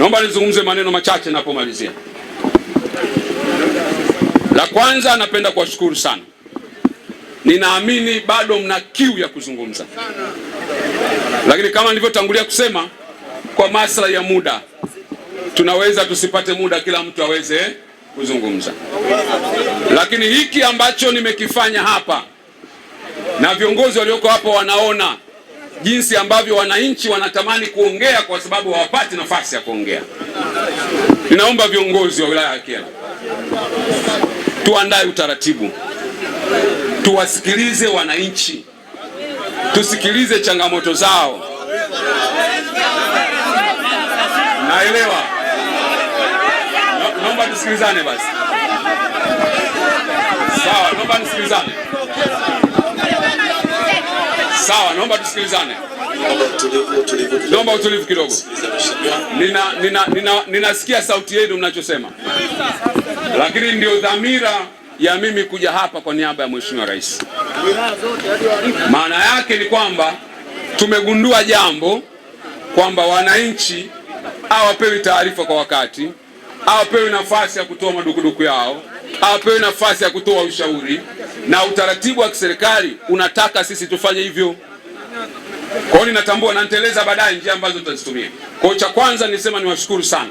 Naomba nizungumze maneno machache napomalizia. La kwanza, napenda kuwashukuru sana. Ninaamini bado mna kiu ya kuzungumza, lakini kama nilivyotangulia kusema, kwa maslahi ya muda tunaweza tusipate muda kila mtu aweze kuzungumza. Lakini hiki ambacho nimekifanya hapa na viongozi walioko hapa wanaona jinsi ambavyo wananchi wanatamani kuongea kwa sababu hawapati nafasi ya kuongea. Ninaomba viongozi wa wilaya ya Kyela tuandae utaratibu, tuwasikilize wananchi, tusikilize changamoto zao. Naelewa, naomba tusikilizane basi. Sawa, naomba nisikilizane naomba tusikilizane, naomba utulivu kidogo. Ninasikia nina, nina, nina sauti yenu mnachosema, lakini ndio dhamira ya mimi kuja hapa kwa niaba ya Mheshimiwa Rais. Maana yake ni kwamba tumegundua jambo kwamba wananchi hawapewi taarifa kwa wakati, hawapewi nafasi ya kutoa madukuduku yao, hawapewi nafasi ya kutoa ushauri, na utaratibu wa kiserikali unataka sisi tufanye hivyo. Kwa hiyo ninatambua na nteleza baadaye njia ambazo tutazitumia. Kwa hiyo cha kwanza nisema niwashukuru sana,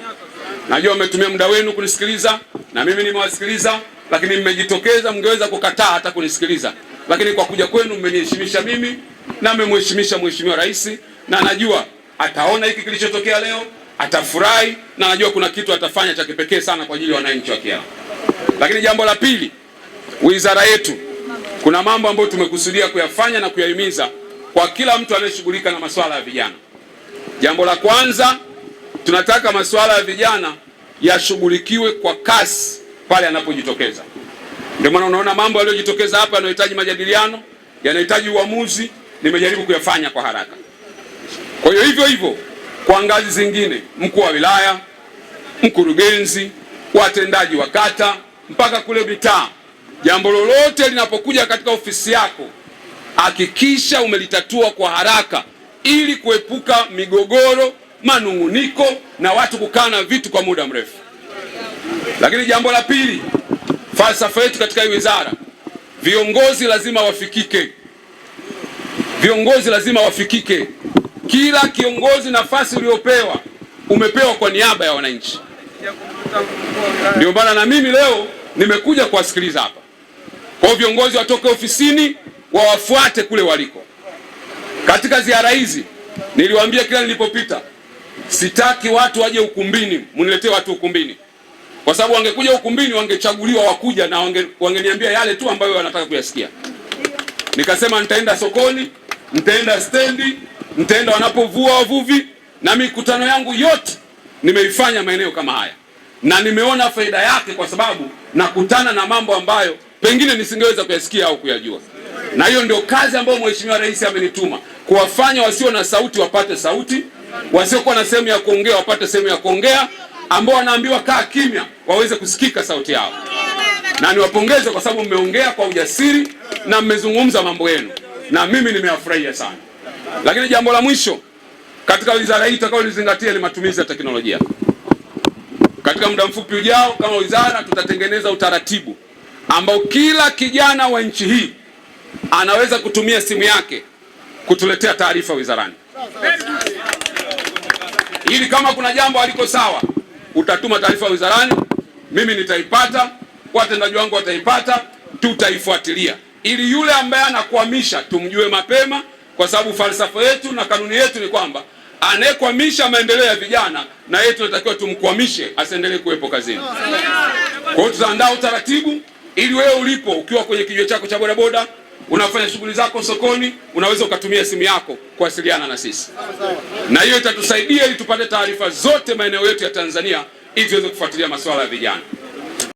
najua mmetumia muda wenu kunisikiliza na mimi nimewasikiliza, lakini mmejitokeza. Mngeweza kukataa hata kunisikiliza, lakini kwa kuja kwenu mmeniheshimisha mimi na mmemheshimisha Mheshimiwa Rais, na najua ataona hiki kilichotokea leo atafurahi, na najua kuna kitu atafanya cha kipekee sana kwa ajili ya wananchi wa Kyela. Lakini jambo la pili, wizara yetu kuna mambo ambayo tumekusudia kuyafanya na kuyahimiza kwa kila mtu anayeshughulika na masuala ya vijana. Jambo la kwanza, tunataka masuala ya vijana yashughulikiwe kwa kasi pale yanapojitokeza. Ndio maana unaona mambo yaliyojitokeza hapa yanahitaji majadiliano, yanahitaji uamuzi, nimejaribu kuyafanya kwa haraka. Kwa hiyo hivyo hivyo kwa ngazi zingine, mkuu wa wilaya, mkurugenzi, watendaji wa kata, mpaka kule mitaa, jambo lolote linapokuja katika ofisi yako hakikisha umelitatua kwa haraka ili kuepuka migogoro, manung'uniko na watu kukaa na vitu kwa muda mrefu. Lakini jambo la pili, falsafa yetu katika hii wizara, viongozi lazima wafikike. Viongozi lazima wafikike. Kila kiongozi, nafasi uliopewa umepewa kwa niaba ya wananchi. Ndio maana na mimi leo nimekuja kuwasikiliza hapa. Kwa hiyo viongozi watoke ofisini wawafuate kule waliko. Katika ziara hizi niliwaambia kila nilipopita, sitaki watu waje ukumbini, mniletee watu ukumbini, kwa sababu wangekuja ukumbini wangechaguliwa wakuja na wangeniambia yale tu ambayo wanataka kuyasikia. Nikasema nitaenda sokoni, nitaenda stendi, nitaenda wanapovua wavuvi, na mikutano yangu yote nimeifanya maeneo kama haya na nimeona faida yake, kwa sababu nakutana na mambo ambayo pengine nisingeweza kuyasikia au kuyajua na hiyo ndio kazi ambayo Mheshimiwa Rais amenituma kuwafanya wasio na sauti wapate sauti, wasiokuwa na sehemu ya kuongea wapate sehemu ya kuongea, ambao wanaambiwa kaa kimya waweze kusikika sauti yao. Na niwapongeze kwa sababu mmeongea kwa ujasiri na mmezungumza mambo yenu, na mimi nimeyafurahia sana. Lakini jambo la mwisho katika wizara hii lizingatia ni matumizi ya teknolojia. Katika muda mfupi ujao, kama wizara tutatengeneza utaratibu ambao kila kijana wa nchi hii anaweza kutumia simu yake kutuletea taarifa wizarani, ili kama kuna jambo aliko sawa, utatuma taarifa wizarani, mimi nitaipata, watendaji wangu wataipata, tutaifuatilia ili yule ambaye anakwamisha tumjue mapema, kwa sababu falsafa yetu na kanuni yetu ni kwamba anayekwamisha maendeleo ya vijana na yeye tunatakiwa tumkwamishe asiendelee kuwepo kazini. Kwa hiyo tutaandaa utaratibu ili wewe ulipo ukiwa kwenye kijiwe chako cha bodaboda unafanya shughuli zako sokoni, unaweza ukatumia simu yako kuwasiliana na sisi, na hiyo itatusaidia ili tupate taarifa zote maeneo yetu ya Tanzania ili tuweze kufuatilia masuala ya vijana.